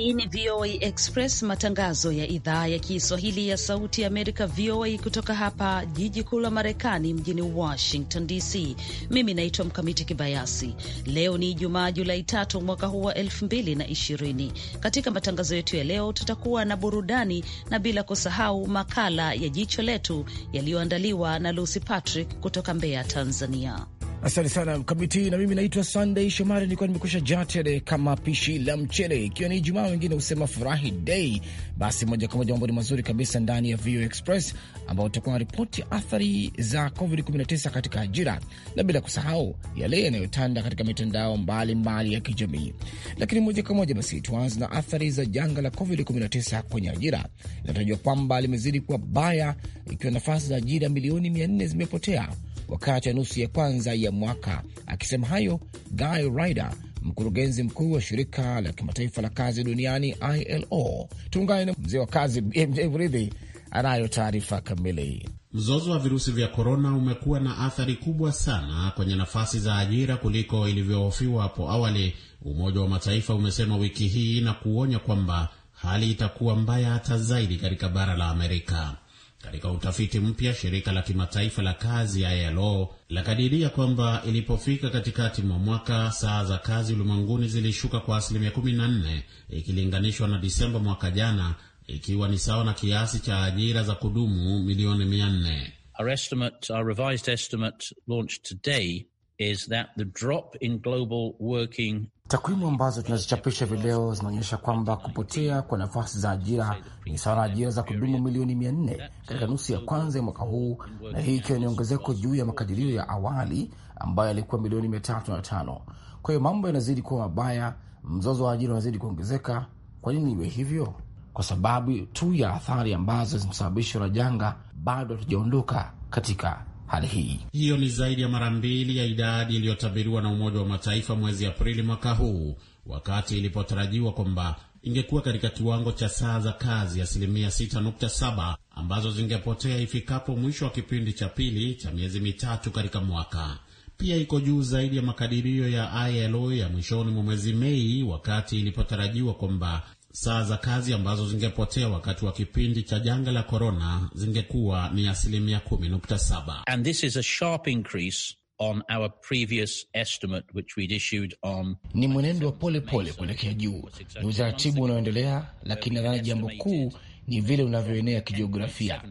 Hii ni VOA Express, matangazo ya idhaa ya Kiswahili ya Sauti ya Amerika, VOA, kutoka hapa jiji kuu la Marekani, mjini Washington DC. Mimi naitwa Mkamiti Kibayasi. Leo ni Ijumaa, Julai tatu mwaka huu wa 2020. Katika matangazo yetu ya leo, tutakuwa na burudani na bila kusahau makala ya jicho letu yaliyoandaliwa na Lucy Patrick kutoka Mbeya, Tanzania. Asante sana Mkamiti. Na mimi naitwa Sunday Shomari, nilikuwa nimekusha jaa tele kama pishi la mchele, ikiwa ni Ijumaa wengine husema furahi dei. Basi moja kwa moja mambo ni mazuri kabisa ndani ya VOA Express, ambao utakuwa na ripoti athari za COVID-19 katika ajira na bila kusahau yale yanayotanda katika mitandao mbalimbali ya kijamii. Lakini moja kwa moja basi tuanze na athari za janga la COVID-19 kwenye ajira. Inatajwa kwamba limezidi kuwa baya, ikiwa nafasi za ajira milioni 400 zimepotea wakati wa nusu ya kwanza ya mwaka. Akisema hayo, Guy Ryder, mkurugenzi mkuu wa shirika la kimataifa la kazi duniani ILO. Tuungane na mzee wa kazi BMJ Mridhi anayo taarifa kamili. Mzozo wa virusi vya korona umekuwa na athari kubwa sana kwenye nafasi za ajira kuliko ilivyohofiwa hapo awali, Umoja wa Mataifa umesema wiki hii na kuonya kwamba hali itakuwa mbaya hata zaidi katika bara la Amerika. Katika utafiti mpya, shirika la kimataifa la kazi ya ILO lakadiria kwamba ilipofika katikati mwa mwaka saa za kazi ulimwenguni zilishuka kwa asilimia 14 ikilinganishwa na Disemba mwaka jana, ikiwa ni sawa na kiasi cha ajira za kudumu milioni 400. Our estimate, our revised estimate launched today is that the drop in global working Takwimu ambazo tunazichapisha hivi leo zinaonyesha kwamba kupotea kwa nafasi za ajira ni sawa na ajira za kudumu milioni mia nne katika nusu ya kwanza ya mwaka huu, na hii ikiwa ni ongezeko juu ya makadirio ya awali ambayo yalikuwa milioni mia tatu na tano. Kwa hiyo mambo yanazidi kuwa mabaya, mzozo wa ajira unazidi kuongezeka. Kwa nini iwe hivyo? Kwa sababu tu ya athari ambazo zimesababishwa na janga, bado hatujaondoka katika hali hii. Hiyo ni zaidi ya mara mbili ya idadi iliyotabiriwa na Umoja wa Mataifa mwezi Aprili mwaka huu, wakati ilipotarajiwa kwamba ingekuwa katika kiwango cha saa za kazi asilimia 6.7 ambazo zingepotea ifikapo mwisho wa kipindi cha pili cha miezi mitatu katika mwaka. Pia iko juu zaidi ya makadirio ya ILO ya mwishoni mwa mwezi Mei, wakati ilipotarajiwa kwamba saa za kazi ambazo zingepotea wakati wa kipindi cha janga la korona zingekuwa ni asilimia 17 And this is a sharp increase on our previous estimate which we'd issued on... ni mwenendo wa pole pole kuelekea juu, ni utaratibu unaoendelea, lakini nadhani jambo kuu ni vile unavyoenea kijiografia.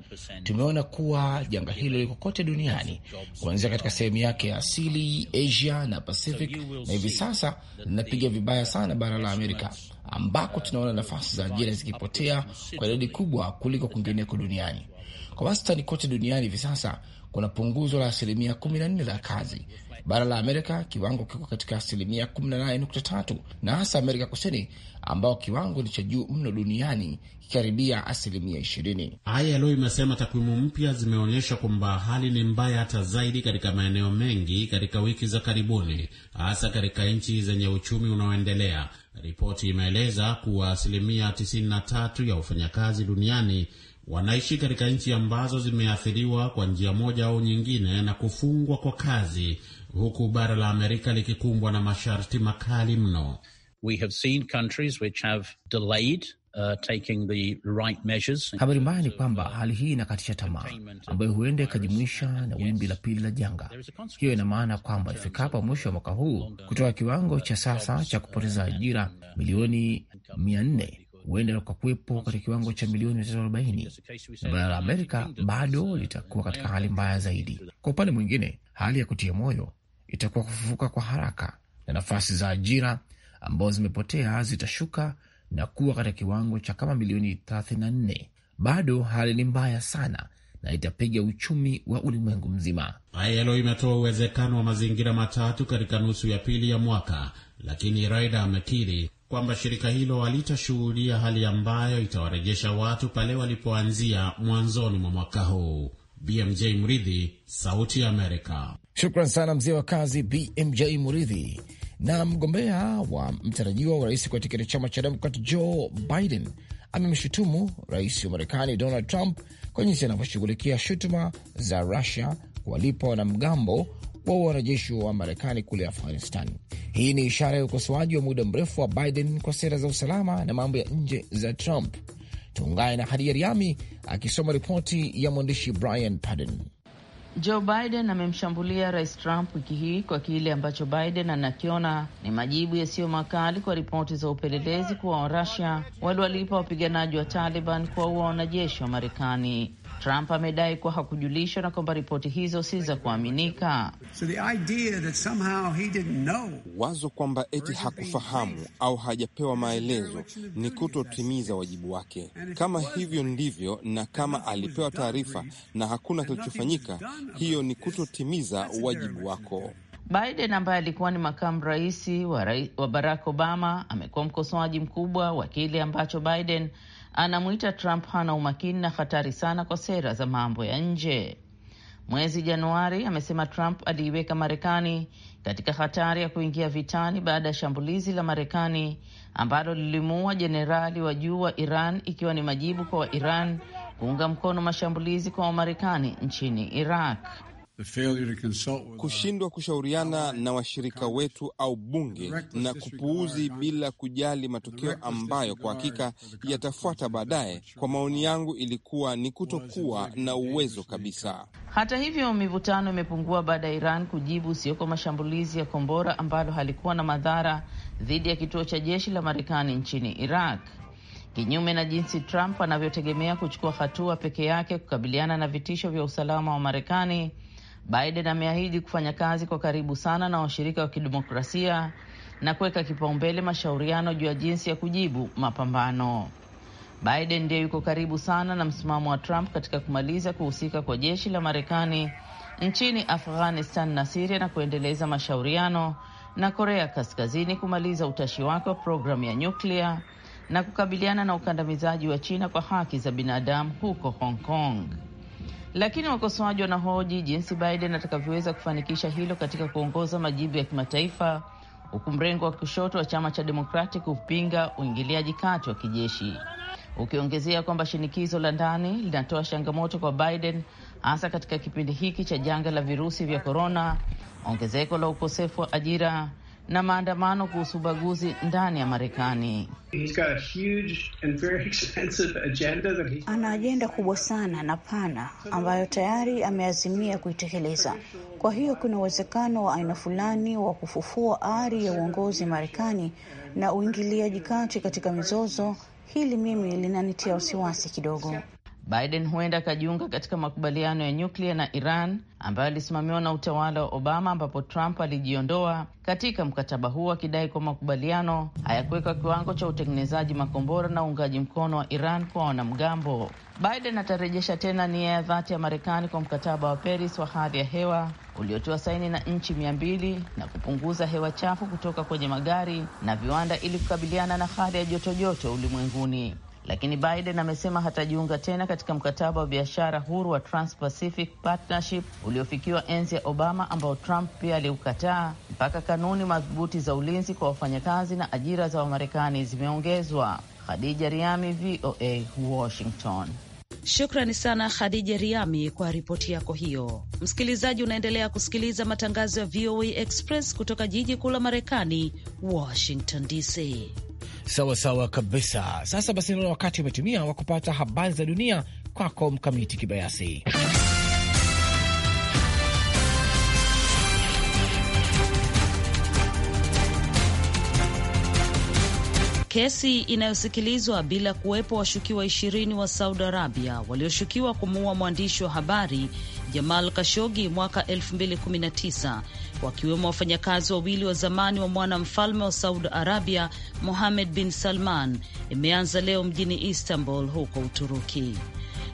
Tumeona kuwa janga hilo liko kote duniani, kuanzia katika sehemu yake ya asili Asia na Pacific, na hivi sasa linapiga vibaya sana bara la Amerika, ambako tunaona nafasi za ajira zikipotea kwa idadi kubwa kuliko kwingineko duniani. Kwa wastani kote duniani hivi sasa kuna punguzo la asilimia 14 la kazi Bara la Amerika kiwango kiko katika asilimia 18.3 na hasa Amerika Kusini ambao kiwango ni cha juu mno duniani kikaribia asilimia 20. ILO imesema takwimu mpya zimeonyesha kwamba hali ni mbaya hata zaidi katika maeneo mengi katika wiki za karibuni, hasa katika nchi zenye uchumi unaoendelea Ripoti imeeleza kuwa asilimia 93 ya wafanyakazi duniani wanaishi katika nchi ambazo zimeathiriwa kwa njia moja au nyingine na kufungwa kwa kazi, huku bara la Amerika likikumbwa na masharti makali mno. We have seen countries which have delayed Uh, Habari mbaya ni kwamba uh, hali hii inakatisha tamaa ambayo huenda ikajumuisha na wimbi la pili la janga. Hiyo ina maana kwamba ifikapo mwisho wa uh, mwaka huu, kutoka kiwango cha sasa cha kupoteza ajira milioni 4 huenda kuwepo katika kiwango cha milioni 340, na bara la Amerika bado litakuwa katika hali mbaya zaidi. Kwa upande mwingine, hali ya kutia moyo itakuwa kufufuka kwa haraka na nafasi za ajira ambazo zimepotea zitashuka na kuwa katika kiwango cha kama milioni 34. Bado hali ni mbaya sana na itapiga uchumi wa ulimwengu mzima. ILO imetoa uwezekano wa mazingira matatu katika nusu ya pili ya mwaka, lakini Raida amekiri kwamba shirika hilo halitashughulia hali ambayo itawarejesha watu pale walipoanzia mwanzoni mwa mwaka huu. BMJ Mridhi, Sauti ya Amerika. Shukran sana mzee wa kazi BMJ Mridhi. Na mgombea wa mtarajiwa wa rais kwa tiketi chama cha Demokrat Joe Biden amemshutumu rais wa Marekani Donald Trump kwa jinsi anavyoshughulikia shutuma za Rusia kuwalipa wanamgambo wa wanajeshi wa Marekani kule Afghanistan. Hii ni ishara ya ukosoaji wa muda mrefu wa Biden kwa sera za usalama na mambo ya nje za Trump. Tuungane na Hadia Riami akisoma ripoti ya mwandishi Brian Paden. Joe Biden amemshambulia Rais Trump wiki hii kwa kile ambacho Biden anakiona ni majibu yasiyo makali kwa ripoti za upelelezi kuwa Warusia waliwalipa wapiganaji wa Taliban kuwaua wanajeshi wa Marekani. Trump amedai kuwa hakujulishwa na kwamba ripoti hizo si za kuaminika. So wazo kwamba eti hakufahamu au hajapewa maelezo ni kutotimiza wajibu wake. Kama hivyo ndivyo, na kama alipewa taarifa na hakuna kilichofanyika, hiyo ni kutotimiza wajibu wako. Biden ambaye alikuwa ni makamu rais wa, rais wa Barack Obama amekuwa mkosoaji mkubwa wa kile ambacho Biden anamwita Trump hana umakini na hatari sana kwa sera za mambo ya nje. Mwezi Januari amesema Trump aliiweka Marekani katika hatari ya kuingia vitani baada ya shambulizi la Marekani ambalo lilimuua jenerali wa juu wa Iran, ikiwa ni majibu kwa Wairan kuunga mkono mashambulizi kwa Wamarekani nchini Iraq. Uh, kushindwa kushauriana na washirika wetu au bunge na kupuuzi bila kujali matokeo ambayo kwa hakika yatafuata baadaye, kwa maoni yangu, ilikuwa ni kutokuwa na uwezo kabisa. Hata hivyo, mivutano imepungua baada ya Iran kujibu usioko mashambulizi ya kombora ambalo halikuwa na madhara dhidi ya kituo cha jeshi la Marekani nchini Iraq, kinyume na jinsi Trump anavyotegemea kuchukua hatua peke yake kukabiliana na vitisho vya usalama wa Marekani. Biden ameahidi kufanya kazi kwa karibu sana na washirika wa kidemokrasia na kuweka kipaumbele mashauriano juu ya jinsi ya kujibu mapambano. Biden ndiye yuko karibu sana na msimamo wa Trump katika kumaliza kuhusika kwa jeshi la Marekani nchini Afghanistan na Siria na kuendeleza mashauriano na Korea Kaskazini kumaliza utashi wake wa programu ya nyuklia na kukabiliana na ukandamizaji wa China kwa haki za binadamu huko Hong Kong lakini wakosoaji wanahoji jinsi Biden atakavyoweza kufanikisha hilo katika kuongoza majibu ya kimataifa, huku mrengo wa kushoto wa chama cha Demokrati kupinga uingiliaji kati wa kijeshi, ukiongezea kwamba shinikizo la ndani linatoa changamoto kwa Biden, hasa katika kipindi hiki cha janga la virusi vya korona, ongezeko la ukosefu wa ajira na maandamano kuhusu ubaguzi ndani ya Marekani. Ana ajenda kubwa sana na pana ambayo tayari ameazimia kuitekeleza. Kwa hiyo kuna uwezekano wa aina fulani wa kufufua ari ya uongozi Marekani na uingiliaji kati katika mizozo. Hili mimi linanitia wasiwasi kidogo. Biden huenda akajiunga katika makubaliano ya nyuklia na Iran ambayo alisimamiwa na utawala wa Obama, ambapo Trump alijiondoa katika mkataba huo akidai kwa makubaliano hayakuweka kiwango cha utengenezaji makombora na uungaji mkono wa Iran kwa wanamgambo. Biden atarejesha tena nia ya dhati ya Marekani kwa mkataba wa Paris wa hali ya hewa uliotiwa saini na nchi mia mbili na kupunguza hewa chafu kutoka kwenye magari na viwanda ili kukabiliana na hali ya jotojoto ulimwenguni lakini Biden amesema hatajiunga tena katika mkataba wa biashara huru wa Trans-Pacific Partnership uliofikiwa enzi ya Obama, ambao Trump pia aliukataa mpaka kanuni madhubuti za ulinzi kwa wafanyakazi na ajira za Wamarekani zimeongezwa. Khadija Riami, VOA, Washington. Shukrani sana Khadija Riami kwa ripoti yako hiyo. Msikilizaji, unaendelea kusikiliza matangazo ya VOA Express kutoka jiji kuu la Marekani, Washington DC. Sawa sawa kabisa. Sasa basi, naona wakati umetumia wa kupata habari za dunia. Kwako Mkamiti Kibayasi. Kesi inayosikilizwa bila kuwepo washukiwa ishirini wa Saudi Arabia walioshukiwa kumuua mwandishi wa habari Jamal Kashogi mwaka wakiwemo wafanyakazi wawili wa zamani wa mwanamfalme wa Saudi Arabia muhamed bin Salman imeanza leo mjini Istanbul huko Uturuki.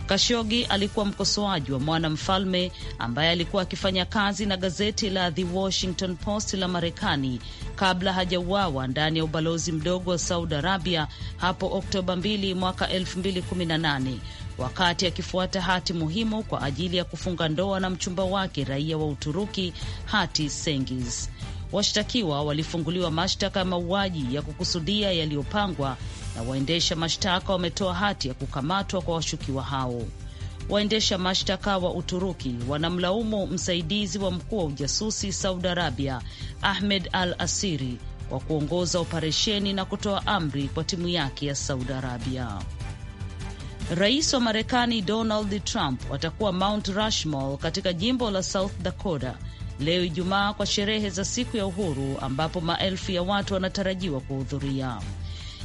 Kashogi alikuwa mkosoaji wa mwanamfalme ambaye alikuwa akifanya kazi na gazeti la The Washington Post la Marekani kabla hajauawa ndani ya ubalozi mdogo wa Saudi Arabia hapo Oktoba 2 mwaka 2018 wakati akifuata hati muhimu kwa ajili ya kufunga ndoa na mchumba wake raia wa Uturuki Hati sengis Washtakiwa walifunguliwa mashtaka ya mauaji ya kukusudia yaliyopangwa, na waendesha mashtaka wametoa hati ya kukamatwa kwa washukiwa hao. Waendesha mashtaka wa Uturuki wanamlaumu msaidizi wa mkuu wa ujasusi Saudi Arabia Ahmed Al Asiri kwa kuongoza operesheni na kutoa amri kwa timu yake ya Saudi Arabia. Rais wa Marekani Donald Trump watakuwa Mount Rushmore katika jimbo la South Dakota leo Ijumaa kwa sherehe za siku ya uhuru ambapo maelfu ya watu wanatarajiwa kuhudhuria.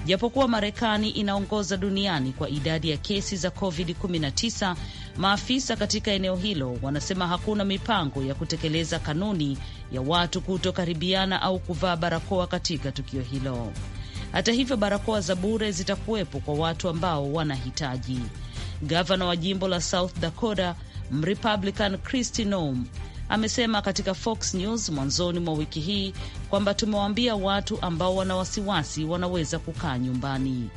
Japokuwa Marekani inaongoza duniani kwa idadi ya kesi za COVID-19, maafisa katika eneo hilo wanasema hakuna mipango ya kutekeleza kanuni ya watu kutokaribiana au kuvaa barakoa katika tukio hilo. Hata hivyo, barakoa za bure zitakuwepo kwa watu ambao wanahitaji. Gavana wa jimbo la South Dakota Mrepublican Kristi Noem amesema katika Fox News mwanzoni mwa wiki hii kwamba tumewaambia watu ambao wana wasiwasi wanaweza kukaa nyumbani.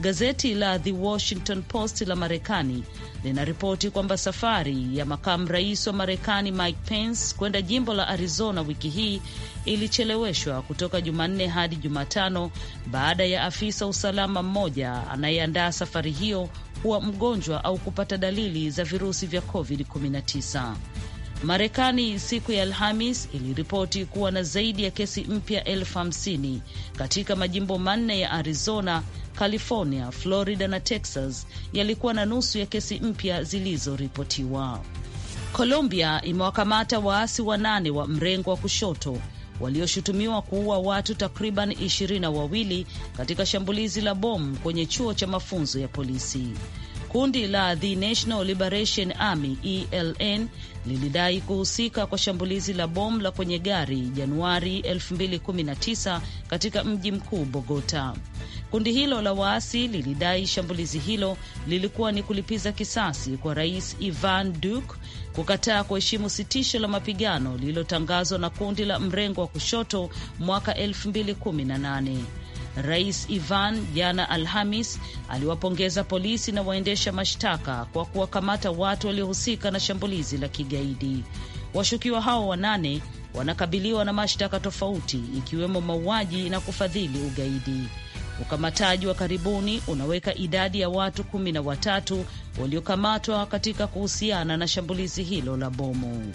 Gazeti la The Washington Post la Marekani linaripoti kwamba safari ya makamu rais wa Marekani Mike Pence kwenda jimbo la Arizona wiki hii ilicheleweshwa kutoka Jumanne hadi Jumatano baada ya afisa usalama mmoja anayeandaa safari hiyo kuwa mgonjwa au kupata dalili za virusi vya COVID-19. Marekani siku ya Alhamis iliripoti kuwa na zaidi ya kesi mpya elfu hamsini katika majimbo manne ya Arizona, California, Florida na Texas yalikuwa na nusu ya kesi mpya zilizoripotiwa. Colombia imewakamata waasi wanane wa mrengo wa kushoto walioshutumiwa kuua watu takriban ishirini na wawili katika shambulizi la bomu kwenye chuo cha mafunzo ya polisi. Kundi la The National Liberation Army ELN lilidai kuhusika kwa shambulizi la bomu la kwenye gari Januari 2019 katika mji mkuu Bogota. Kundi hilo la waasi lilidai shambulizi hilo lilikuwa ni kulipiza kisasi kwa Rais Ivan Duque kukataa kuheshimu sitisho la mapigano lililotangazwa na kundi la mrengo wa kushoto mwaka 2018. Rais Ivan jana Alhamis aliwapongeza polisi na waendesha mashtaka kwa kuwakamata watu waliohusika na shambulizi la kigaidi. Washukiwa hao wanane wanakabiliwa na mashtaka tofauti ikiwemo mauaji na kufadhili ugaidi. Ukamataji wa karibuni unaweka idadi ya watu kumi na watatu waliokamatwa katika kuhusiana na shambulizi hilo la bomu.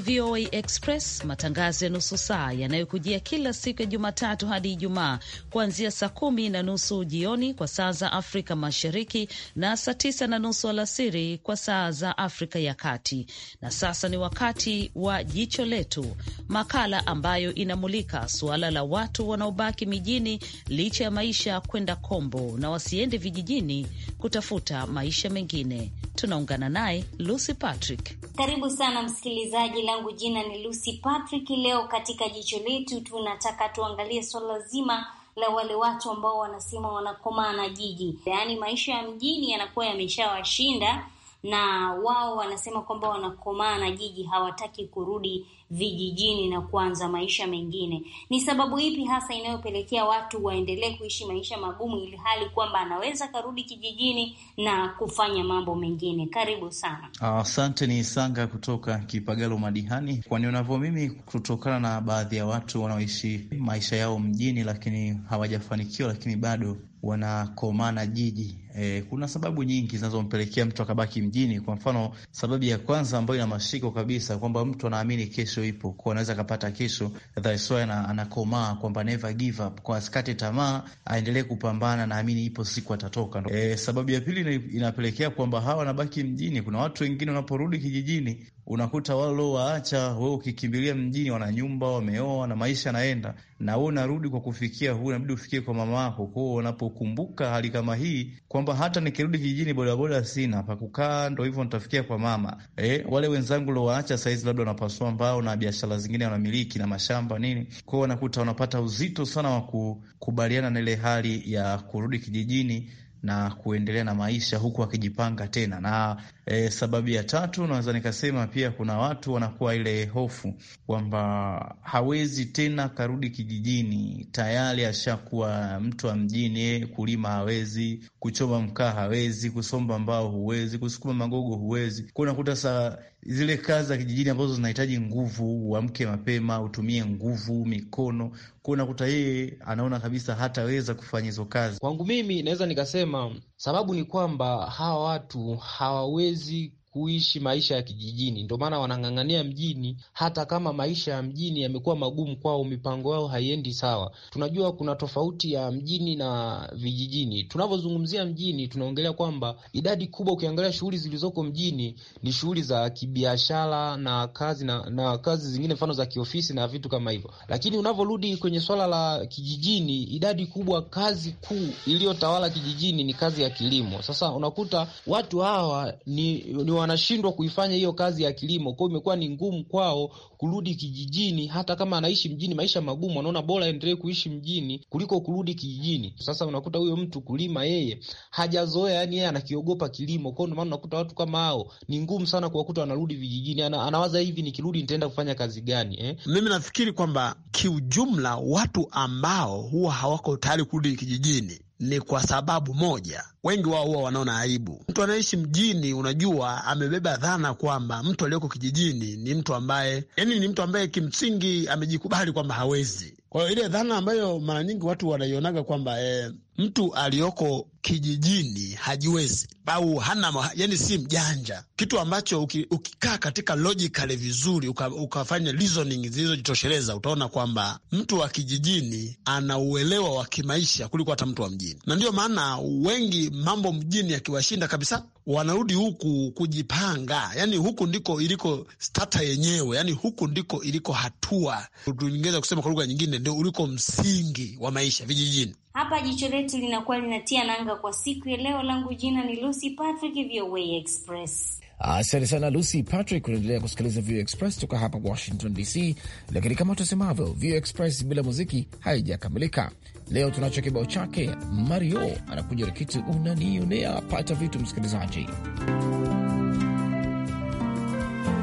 ni VOA Express, matangazo ya nusu saa yanayokujia kila siku ya Jumatatu hadi Ijumaa kuanzia saa kumi na nusu jioni kwa saa za Afrika Mashariki na saa tisa na nusu alasiri kwa saa za Afrika ya Kati. Na sasa ni wakati wa Jicho Letu, makala ambayo inamulika suala la watu wanaobaki mijini licha ya maisha kwenda kombo na wasiende vijijini kutafuta maisha mengine. Tunaungana naye Lucy Patrick. Karibu sana msikilizaji langu jina ni Lucy Patrick. Leo katika jicho letu tunataka tuangalie swala zima la wale watu ambao wanasema wanakomaa na jiji, yaani maisha ya mjini yanakuwa yameshawashinda na wao wanasema kwamba wanakomaa na jiji, hawataki kurudi vijijini na kuanza maisha mengine. Ni sababu ipi hasa inayopelekea watu waendelee kuishi maisha magumu, ili hali kwamba anaweza karudi kijijini na kufanya mambo mengine? Karibu sana. Asante. Ni Sanga kutoka Kipagalo Madihani. Kwa nionavyo mimi, kutokana na baadhi ya watu wanaoishi maisha yao mjini, lakini hawajafanikiwa, lakini bado wanakomaa na jiji E, kuna sababu nyingi zinazompelekea mtu akabaki mjini. Kwa mfano, sababu ya kwanza ambayo ina mashiko kabisa kwamba mtu anaamini kesho ipo, kwa anaweza akapata kesho, that's why anakomaa kwamba never give up, kwa asikate tamaa, aendelee kupambana, naamini ipo siku atatoka. E, sababu ya pili inapelekea kwamba hawa wanabaki mjini. Kuna watu wengine wanaporudi kijijini unakuta walo waacha wewe, ukikimbilia mjini, wana nyumba, wameoa na maisha yanaenda, na wewe unarudi kwa kufikia huu, inabidi ufikie kwa mama yako. Kwao wanapokumbuka hali kama hii kwamba kwamba hata nikirudi vijijini bodaboda sina pa kukaa, ndo hivyo nitafikia kwa mama eh, wale wenzangu lowaacha saizi labda wanapasua mbao na biashara zingine wanamiliki na mashamba nini kwao, wanakuta wanapata uzito sana wa kukubaliana na ile hali ya kurudi kijijini na kuendelea na maisha huku akijipanga tena na E, sababu ya tatu naweza nikasema pia kuna watu wanakuwa ile hofu kwamba hawezi tena karudi kijijini, tayari ashakuwa mtu wa mjini. Kulima hawezi, kuchoma mkaa hawezi, kusomba mbao huwezi, kusukuma magogo huwezi. Kwa unakuta saa zile kazi za kijijini ambazo zinahitaji nguvu, uamke mapema, utumie nguvu, mikono, kwa unakuta yeye anaona kabisa hataweza kufanya hizo kazi. Kwangu mimi naweza nikasema sababu ni kwamba hawa watu hawawezi kuishi maisha ya kijijini, ndio maana wanang'ang'ania mjini, hata kama maisha ya mjini yamekuwa magumu kwao, mipango yao haiendi sawa. Tunajua kuna tofauti ya mjini na vijijini. Tunavyozungumzia mjini, tunaongelea kwamba idadi kubwa, ukiangalia shughuli zilizoko mjini ni shughuli za kibiashara na kazi na, na kazi zingine mfano za kiofisi na vitu kama hivyo, lakini unavyorudi kwenye swala la kijijini, idadi kubwa, kazi kuu iliyotawala kijijini ni kazi ya kilimo. Sasa unakuta watu hawa ni, ni wanashindwa kuifanya hiyo kazi ya kilimo. Kwao imekuwa ni ngumu kwao kurudi kijijini, hata kama anaishi mjini, maisha magumu, anaona bora aendelee kuishi mjini kuliko kurudi kijijini. Sasa unakuta huyo mtu kulima, yeye hajazoea, yani yeye anakiogopa kilimo. Kwao ndio maana unakuta watu kama hao ni ngumu sana kuwakuta wanarudi vijijini. Ana, anawaza hivi, nikirudi nitaenda kufanya kazi gani eh? Mimi nafikiri kwamba kiujumla, watu ambao huwa hawako tayari kurudi kijijini ni kwa sababu moja, wengi wao huwa wanaona aibu. Mtu anaishi mjini, unajua, amebeba dhana kwamba mtu aliyoko kijijini ni mtu ambaye, yani, ni mtu ambaye kimsingi amejikubali kwamba hawezi kwa hiyo ile dhana ambayo mara nyingi watu wanaionaga kwamba e, mtu aliyoko kijijini hajiwezi au hana, yani si mjanja, kitu ambacho ukikaa katika logically vizuri uka, ukafanya reasoning zilizojitosheleza utaona kwamba mtu wa kijijini ana uelewa wa kimaisha kuliko hata mtu wa mjini, na ndiyo maana wengi mambo mjini yakiwashinda kabisa wanarudi huku kujipanga, yani huku ndiko iliko stata yenyewe, yani huku ndiko iliko hatua, tuingeza kusema kwa lugha nyingine vijijini ndio uliko msingi wa maisha vijijini. Hapa jicho letu linakuwa linatia nanga kwa siku ya leo. Langu jina ni Lucy Patrick, VOA Express. Asante sana Lucy Patrick. Unaendelea kusikiliza VOA Express toka hapa Washington DC, lakini kama tusemavyo, VOA Express bila muziki haijakamilika. Leo tunacho kibao chake Mario anakuja na kitu unanionea. Pata vitu msikilizaji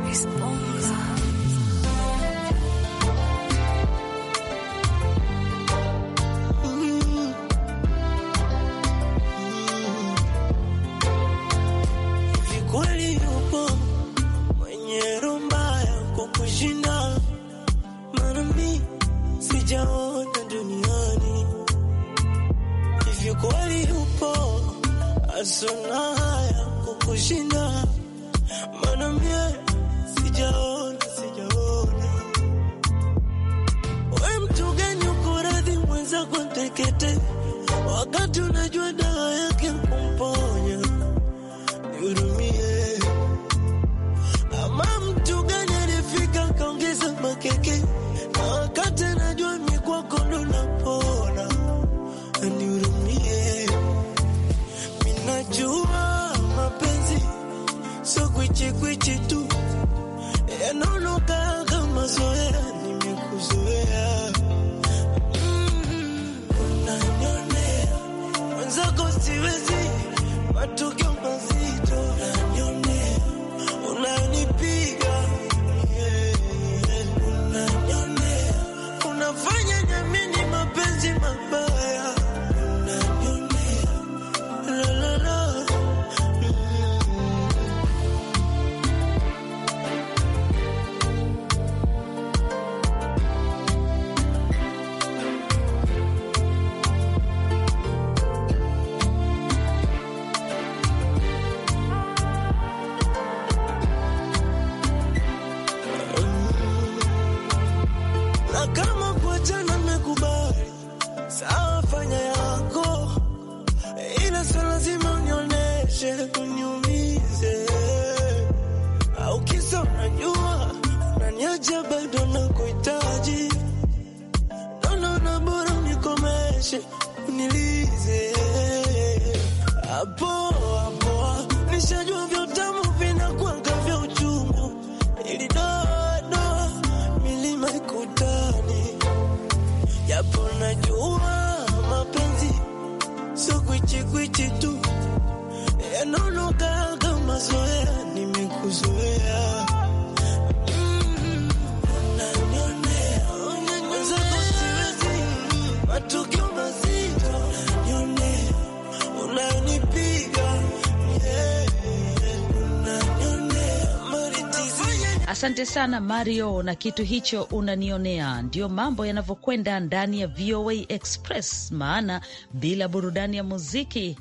Responsa. suna haya kukushinda, maana mie sijaona, sijaona we mtu gani uko radhi mwenzako ntekete wakati unajua Asante sana Mario, na kitu hicho unanionea. Ndiyo mambo yanavyokwenda ndani ya VOA Express, maana bila burudani ya muziki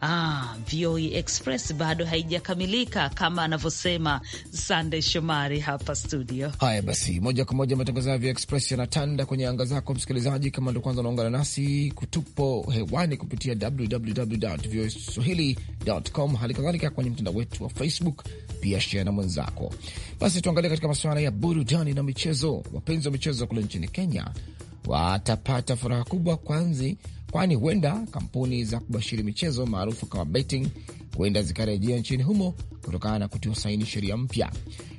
Ah, VOA e Express bado haijakamilika kama anavyosema sande Shomari hapa studio. Haya basi, moja kwa moja matangazo ya VOA e Express yanatanda kwenye anga zako msikilizaji, kama ndo kwanza unaungana nasi, kutupo hewani kupitia www.voaswahili.com, hali kadhalika kwenye mtandao wetu wa Facebook, pia share na mwenzako. Basi tuangalie katika masuala ya burudani na michezo. Wapenzi wa michezo kule nchini Kenya watapata furaha kubwa kwanzi kwani huenda kampuni za kubashiri michezo maarufu kama betting huenda zikarejea nchini humo kutokana na kutia saini sheria mpya.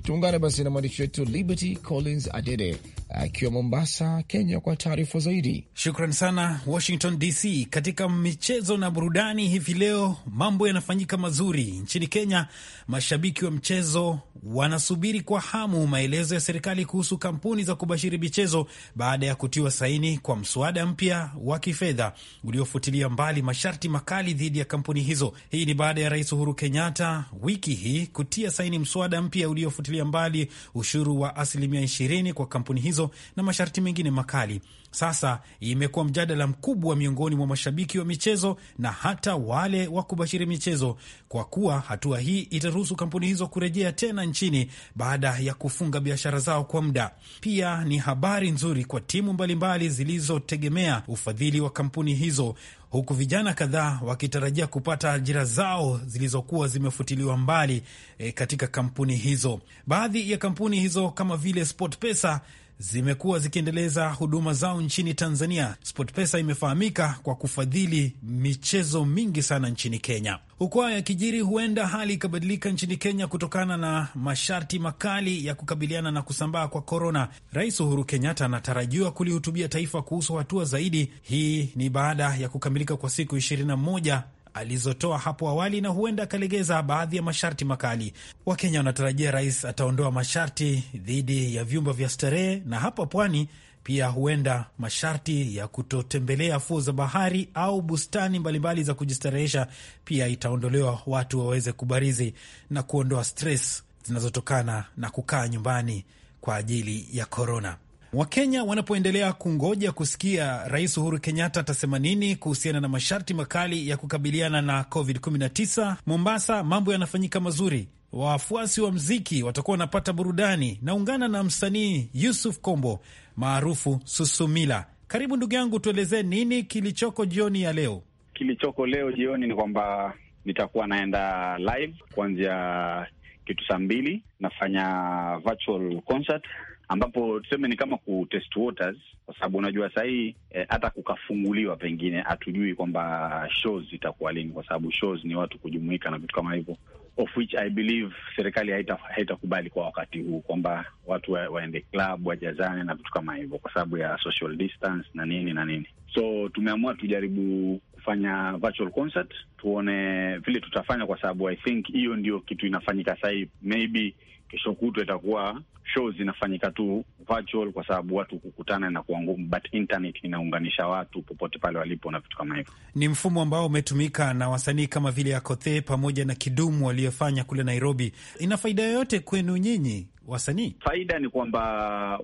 Tuungane basi na mwandishi wetu Liberty Collins Adede akiwa Mombasa, Kenya, kwa taarifa zaidi. Shukran sana Washington DC. Katika michezo na burudani, hivi leo mambo yanafanyika mazuri nchini Kenya. Mashabiki wa mchezo wanasubiri kwa hamu maelezo ya serikali kuhusu kampuni za kubashiri michezo baada ya kutiwa saini kwa mswada mpya wa kifedha uliofutilia mbali masharti makali dhidi ya kampuni hizo. Hii ni baada ya Rais Uhuru Kenyatta wiki hii kutia saini mswada mpya uliofutilia mbali ushuru wa asilimia 20 kwa kampuni hizo na masharti mengine makali sasa imekuwa mjadala mkubwa miongoni mwa mashabiki wa michezo na hata wale wa kubashiri michezo, kwa kuwa hatua hii itaruhusu kampuni hizo kurejea tena nchini baada ya kufunga biashara zao kwa muda. Pia ni habari nzuri kwa timu mbalimbali zilizotegemea ufadhili wa kampuni hizo huku vijana kadhaa wakitarajia kupata ajira zao zilizokuwa zimefutiliwa mbali e, katika kampuni hizo. Baadhi ya kampuni hizo kama vile SportPesa zimekuwa zikiendeleza huduma zao nchini Tanzania. SportPesa imefahamika kwa kufadhili michezo mingi sana nchini Kenya. Huku hayo yakijiri, huenda hali ikabadilika nchini Kenya kutokana na masharti makali ya kukabiliana na kusambaa kwa korona. Rais Uhuru Kenyatta anatarajiwa kulihutubia taifa kuhusu hatua zaidi. Hii ni baada ya kukamilika kwa siku 21 alizotoa hapo awali na huenda akalegeza baadhi ya masharti makali. Wakenya wanatarajia rais ataondoa masharti dhidi ya vyumba vya starehe na hapa pwani pia huenda masharti ya kutotembelea fuo za bahari au bustani mbalimbali za kujistarehesha pia itaondolewa, watu waweze kubarizi na kuondoa stress zinazotokana na kukaa nyumbani kwa ajili ya korona. Wakenya wanapoendelea kungoja kusikia Rais Uhuru Kenyatta atasema nini kuhusiana na masharti makali ya kukabiliana na COVID-19, Mombasa mambo yanafanyika mazuri. Wafuasi wa mziki watakuwa wanapata burudani. Naungana na msanii Yusuf Kombo maarufu Susumila. Karibu ndugu yangu, tuelezee nini kilichoko jioni ya leo. Kilichoko leo jioni ni kwamba nitakuwa naenda live kuanzia kitu saa mbili, nafanya virtual concert ambapo tuseme ni kama ku test waters, kwa sababu unajua sahii eh, hata e, kukafunguliwa pengine hatujui kwamba shows zitakuwa lini, kwa sababu shows ni watu kujumuika na vitu kama hivyo, of which I believe serikali haitakubali haita kwa wakati huu kwamba watu wa, waende club wajazane na vitu kama hivyo, kwa sababu ya social distance na nini na nini, so tumeamua tujaribu kufanya virtual concert, tuone vile tutafanya, kwa sababu I think hiyo ndio kitu inafanyika sahii. Maybe kesho kutwa itakuwa show zinafanyika tu virtual kwa sababu watu kukutana inakuwa ngumu, but internet inaunganisha watu popote pale walipo na vitu kama hivyo. Ni mfumo ambao umetumika na wasanii kama vile Akothe pamoja na Kidumu waliofanya kule Nairobi. Ina faida yoyote kwenu nyinyi wasanii? Faida ni kwamba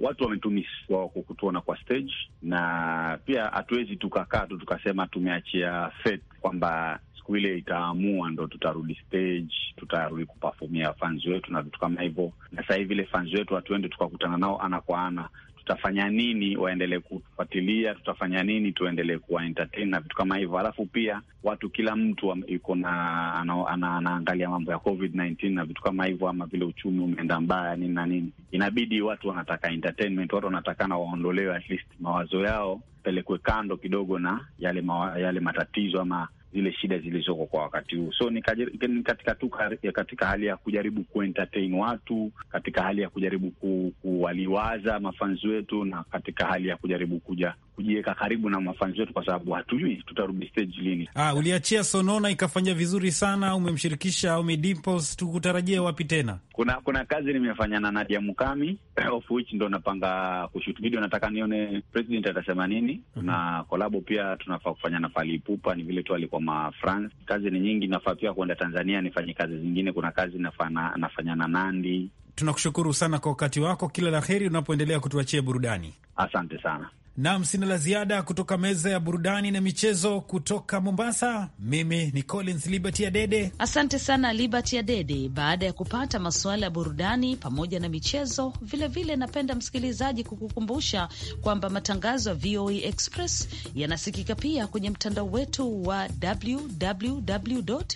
watu wametumiwa kukutuona kwa stage, na pia hatuwezi tukakaa tu tukasema tumeachia fate kwamba siku ile itaamua, ndo tutarudi stage, tutarudi kupafomia fans wetu na vitu kama hivyo. Na sasa hivi ile fans wetu hatuende tukakutana nao ana kwa ana. Tutafanya nini waendelee kufuatilia Tutafanya nini tuendelee kuwa entertain na vitu kama hivyo? Alafu pia watu, kila mtu yuko na anaangalia mambo ya covid 19 na vitu kama hivyo, ama vile uchumi umeenda mbaya nini na nini, inabidi watu wanataka entertainment, watu wanatakana waondolewe at least mawazo yao pelekwe kando kidogo na yale, mawa, yale matatizo ama zile shida zilizoko kwa wakati huu. So ni katika tu katika hali ya kujaribu kuentertain watu, katika hali ya kujaribu ku, kuwaliwaza mafanzi wetu, na katika hali ya kujaribu kuja kujiweka karibu na mafanzi wetu, kwa sababu hatujui tutarudi stage lini. Ah, uliachia Sonona ikafanya vizuri sana, umemshirikisha Ommy Dimpoz, tukutarajie wapi tena? Kuna kuna kazi nimefanya na Nadia Mukami of which ndo napanga kushoot video, nataka nione president atasema nini. Kuna mhm. mm -hmm. kolabo pia tunafaa kufanya na Fally Ipupa, ni vile tu alikuwa ma France. Kazi ni nyingi, nafaa pia kuenda Tanzania nifanye kazi zingine. Kuna kazi nafana, nafanya na Nandi. Tunakushukuru sana kwa wakati wako, kila la heri unapoendelea kutuachia burudani. Asante sana. Nam, sina la ziada kutoka meza ya burudani na michezo kutoka Mombasa. Mimi ni Collins Liberty Adede. Asante sana Liberty Adede. Baada ya kupata masuala ya burudani pamoja na michezo vilevile vile, napenda msikilizaji kukukumbusha kwamba matangazo ya VOA e Express yanasikika pia kwenye mtandao wetu wa www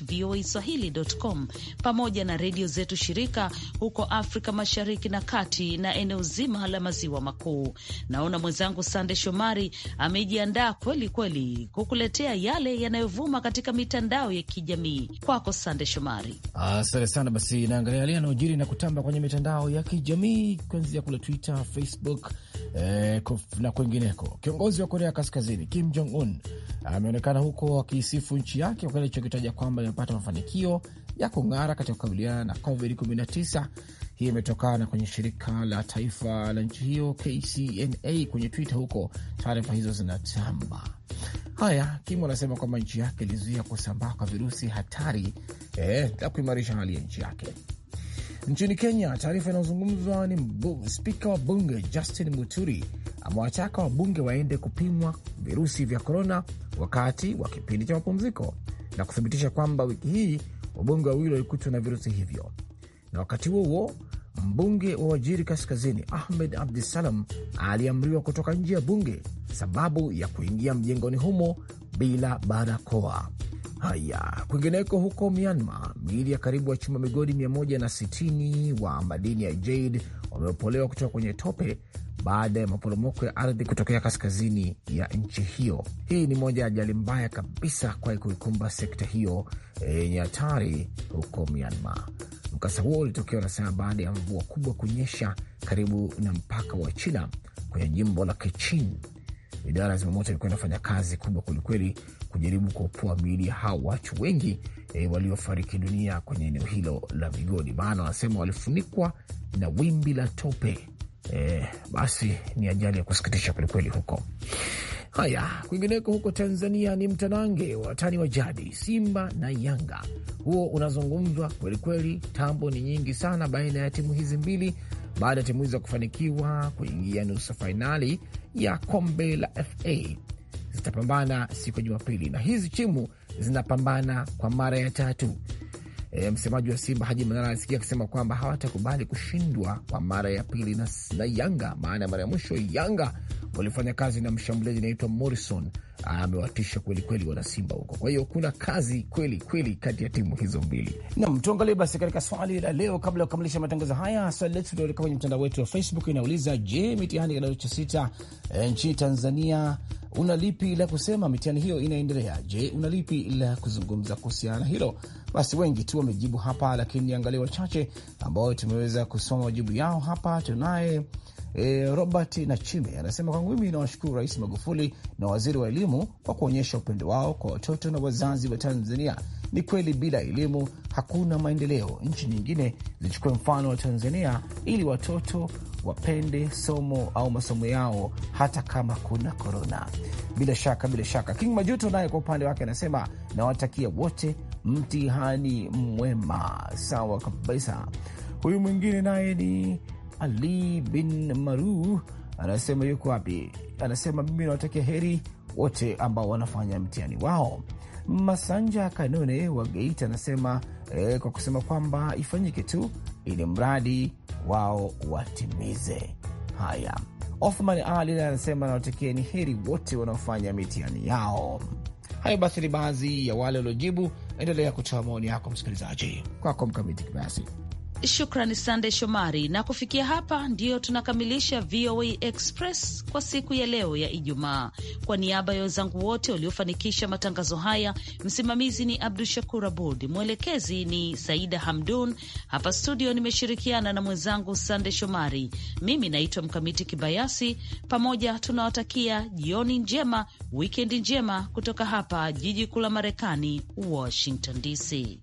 voa e swahili.com pamoja na redio zetu shirika huko Afrika Mashariki na Kati na eneo zima la Maziwa Makuu. Naona mwenzangu Sande Shomari amejiandaa kweli kweli kukuletea yale yanayovuma katika mitandao ya kijamii. Kwako Sande Shomari. Asante sana. Basi naangalia yale yanayojiri na kutamba kwenye mitandao ya kijamii kuanzia kule Twitter, Facebook eh, na kwingineko Kiongozi wa Korea Kaskazini Kim Jong Un ameonekana huko akisifu nchi yake kwa kile alichokitaja kwamba imepata mafanikio ya kung'ara katika kukabiliana na COVID-19 hii imetokana kwenye shirika la taifa la nchi hiyo KCNA kwenye Twitter huko taarifa hizo zinatamba. Haya, Kim anasema kwamba nchi yake ilizuia kusambaa kwa virusi hatari eh, la kuimarisha hali ya nchi yake. Nchini Kenya, taarifa inayozungumzwa ni spika wa bunge Justin Muturi amewataka wabunge waende kupimwa virusi vya korona wakati wa kipindi cha mapumziko na kuthibitisha kwamba wiki hii wabunge wawili walikutwa na virusi hivyo, na wakati huo huo mbunge wa Wajiri Kaskazini Ahmed Abdusalam aliamriwa kutoka nje ya bunge sababu ya kuingia mjengoni humo bila barakoa. Haya, kwingineko huko Myanmar, miili ya karibu wachuma migodi 160 wa madini ya jade wameopolewa kutoka kwenye tope baada ya maporomoko ya ardhi kutokea kaskazini ya nchi hiyo. Hii ni moja ya ajali mbaya kabisa kwa kuikumba sekta hiyo yenye hatari huko Myanmar. Mkasa huo ulitokea wanasema baada ya mvua kubwa kunyesha karibu na mpaka wa China kwenye jimbo la Kachin. Idara ya zimamoto ilikuwa inafanya kazi kubwa kwelikweli kujaribu kuopoa miili ya hao watu wengi e, waliofariki dunia kwenye eneo hilo la migodi, maana wanasema walifunikwa na wimbi la tope. E, basi ni ajali ya kusikitisha kwelikweli huko. Haya, kwingineko huko Tanzania ni mtanange wa watani wa jadi Simba na Yanga, huo unazungumzwa kwelikweli. Tambo ni nyingi sana baina ya timu hizi mbili baada ya timu hizo kufanikiwa kuingia nusu fainali ya kombe la FA. Zitapambana siku ya Jumapili na hizi timu zinapambana kwa mara ya tatu. E, msemaji wa Simba Haji Manara alisikia akisema kwamba hawatakubali kushindwa kwa mara ya pili na, na Yanga, maana ya mara ya mwisho Yanga walifanya kazi na mshambuliaji anaitwa Morrison amewatisha kweli kweli wanasimba huko. Kwa hiyo kuna kazi kweli kweli kati ya timu hizo mbili. Nam, tuangalie basi katika swali la leo, kabla ya kukamilisha matangazo haya, swali letu tunaoleka kwenye mtandao wetu wa Facebook inauliza je, mitihani kidato cha sita eh, nchini Tanzania una lipi la kusema? Mitihani hiyo inaendelea. Je, una lipi la kuzungumza kuhusiana na hilo? Basi wengi tu wamejibu hapa, lakini niangalie wachache ambao tumeweza kusoma majibu yao hapa. Tunaye e, Robert Nachime anasema kwangu mimi nawashukuru Rais Magufuli na waziri wa elimu kwa kuonyesha upendo wao kwa watoto na wazazi wa Tanzania. Ni kweli bila elimu hakuna maendeleo. Nchi nyingine zichukue mfano wa Tanzania ili watoto wapende somo au masomo yao hata kama kuna korona. Bila shaka, bila shaka. King Majuto naye kwa upande wake anasema nawatakia wote mtihani mwema. Sawa kabisa. Huyu mwingine naye ni ali bin Maru anasema yuko wapi? Anasema mimi nawatakia heri wote ambao wanafanya mtihani wao. Masanja Kanone wa Geita anasema e, kwa kusema kwamba ifanyike tu ili mradi wao watimize haya. Othman Ali anasema ni heri wote wanaofanya mitihani yao. Hayo basi ni baadhi ya wale waliojibu. Endelea kutoa maoni yako msikilizaji. Kwako Mkamiti Kibayasi. Shukrani Sande Shomari, na kufikia hapa ndiyo tunakamilisha VOA Express kwa siku ya leo ya Ijumaa. Kwa niaba ya wenzangu wote waliofanikisha matangazo haya, msimamizi ni Abdu Shakur Abud, mwelekezi ni Saida Hamdun. Hapa studio nimeshirikiana na mwenzangu Sande Shomari. Mimi naitwa Mkamiti Kibayasi. Pamoja tunawatakia jioni njema, wikendi njema, kutoka hapa jiji kuu la Marekani, Washington DC.